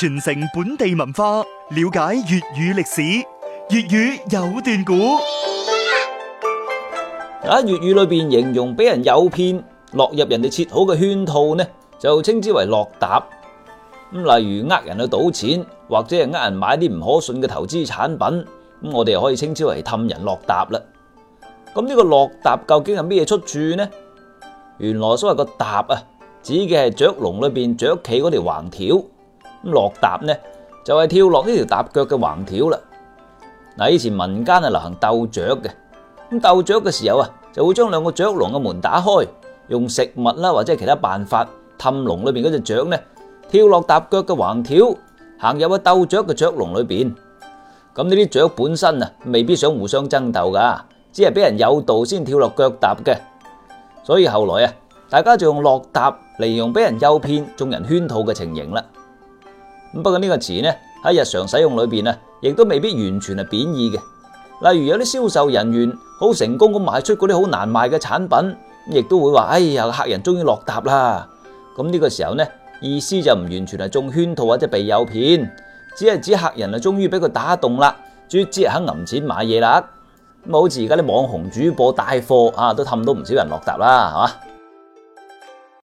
傳承本地文化，了解粵語歷史。粵語有段古，喺粵語裏邊，形容俾人誘騙，落入人哋設好嘅圈套呢，就稱之為落踏。咁例如呃人去賭錢，或者係呃人買啲唔可信嘅投資產品，咁我哋又可以稱之為氹人落踏啦。咁呢個落踏究竟係咩嘢出處呢？原來所謂個踏啊，指嘅係雀籠裏邊雀企嗰條橫條。落踏呢就係、是、跳落呢條踏腳嘅橫條啦。嗱，以前民間啊流行鬥雀嘅，咁鬥雀嘅時候啊，就會將兩個雀籠嘅門打開，用食物啦或者其他辦法氹籠裏邊嗰隻雀呢跳落踏腳嘅橫條，行入去鬥雀嘅雀籠裏邊。咁呢啲雀本身啊未必想互相爭鬥噶，只係俾人誘導先跳落腳踏嘅。所以後來啊，大家就用落踏嚟形容俾人誘騙、中人圈套嘅情形啦。咁不過呢個詞呢，喺日常使用裏邊啊，亦都未必完全係貶義嘅。例如有啲銷售人員好成功咁賣出嗰啲好難賣嘅產品，亦都會話：，哎呀，客人終於落踏啦！咁、這、呢個時候呢，意思就唔完全係中圈套或者被誘騙，只係指客人啊終於俾佢打動啦，終於即刻肯銀錢買嘢啦。咁好似而家啲網紅主播帶貨啊，都氹到唔少人落踏啦啊！